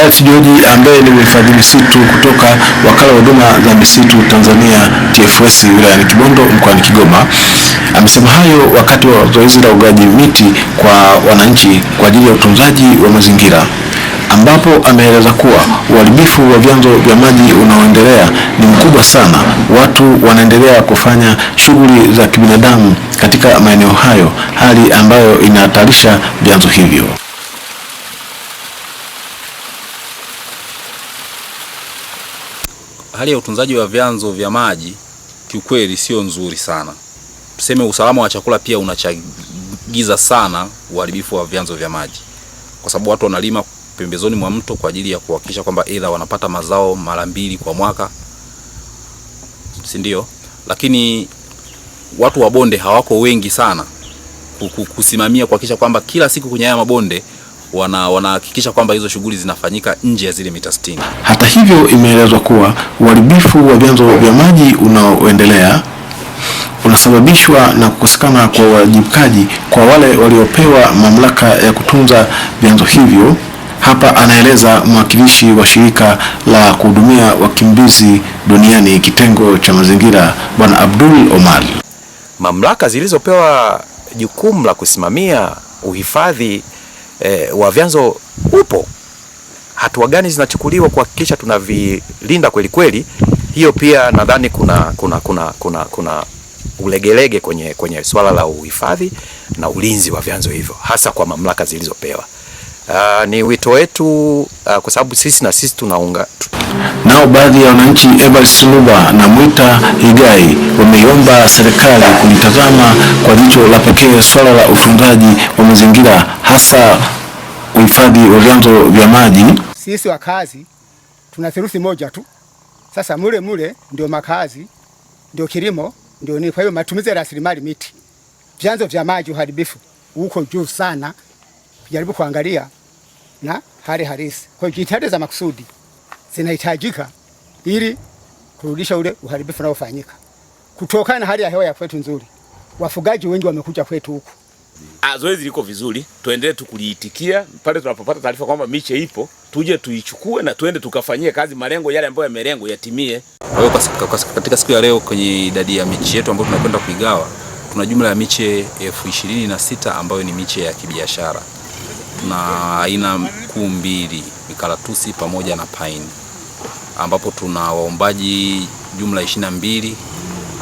Deodatus George ambaye ni mhifadhi misitu kutoka wakala wa huduma za misitu Tanzania TFS wilayani Kibondo mkoani Kigoma amesema hayo wakati wa zoezi la ugaji miti kwa wananchi kwa ajili ya utunzaji wa mazingira ambapo ameeleza kuwa uharibifu wa vyanzo vya maji unaoendelea ni mkubwa sana. Watu wanaendelea kufanya shughuli za kibinadamu katika maeneo hayo, hali ambayo inahatarisha vyanzo hivyo. hali ya utunzaji wa vyanzo vya maji kiukweli sio nzuri sana. Tuseme usalama wa chakula pia unachagiza sana uharibifu wa vyanzo vya maji, kwa sababu watu wanalima pembezoni mwa mto kwa ajili ya kuhakikisha kwamba aidha wanapata mazao mara mbili kwa mwaka, si ndio? Lakini watu wa bonde hawako wengi sana kusimamia kuhakikisha kwamba kila siku kwenye haya mabonde wanahakikisha wana kwamba hizo shughuli zinafanyika nje ya zile mita 60. Hata hivyo, imeelezwa kuwa uharibifu wa vyanzo vya maji unaoendelea unasababishwa na kukosekana kwa uwajibikaji kwa wale waliopewa mamlaka ya kutunza vyanzo hivyo. Hapa anaeleza mwakilishi wa shirika la kuhudumia wakimbizi duniani kitengo cha mazingira, Bwana Abdul Omar. Mamlaka zilizopewa jukumu la kusimamia uhifadhi eh, wa vyanzo upo. Hatua gani zinachukuliwa kuhakikisha tunavilinda kweli kweli? Hiyo pia nadhani kuna, kuna, kuna, kuna, kuna ulegelege kwenye, kwenye swala la uhifadhi na ulinzi wa vyanzo hivyo hasa kwa mamlaka zilizopewa. Uh, ni wito wetu uh, kwa sababu sisi na sisi tunaunga Nao baadhi ya wananchi Evans Luba na Mwita Igai wameiomba serikali kulitazama kwa jicho la pekee swala la ufunzaji wa mazingira hasa uhifadhi wa vyanzo vya maji. Sisi wakazi tuna theluthi moja tu, sasa mule mule ndio makazi, ndio kilimo, ndio ni. Kwa hiyo matumizi ya rasilimali miti, vyanzo vya maji, uharibifu uko juu sana, kujaribu kuangalia na hali halisi. Kwa hiyo jitihada za makusudi zinahitajika ili kurudisha ule uharibifu unaofanyika kutokana na hali ya hewa ya kwetu nzuri. Wafugaji wengi wamekuja kwetu huku. Ah, zoezi liko vizuri, tuendelee tukuliitikia pale tunapopata taarifa kwamba miche ipo, tuje tuichukue na tuende tukafanyie kazi, malengo yale ambayo yamelengo yatimie. Kwa hiyo katika siku ya leo kwenye idadi ya miche yetu ambayo tunakwenda kuigawa, tuna jumla ya miche elfu ishirini na sita ambayo ni miche ya kibiashara na aina kuu mbili, mikaratusi pamoja na paini, ambapo tuna waombaji jumla ishirini na mbili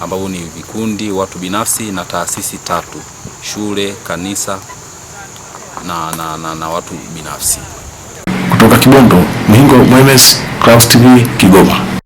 ambao ni vikundi, watu binafsi na taasisi tatu, shule, kanisa na, na, na, na watu binafsi. Kutoka Kibondo, Mhingo, Mwemes, Clouds TV, Kigoma.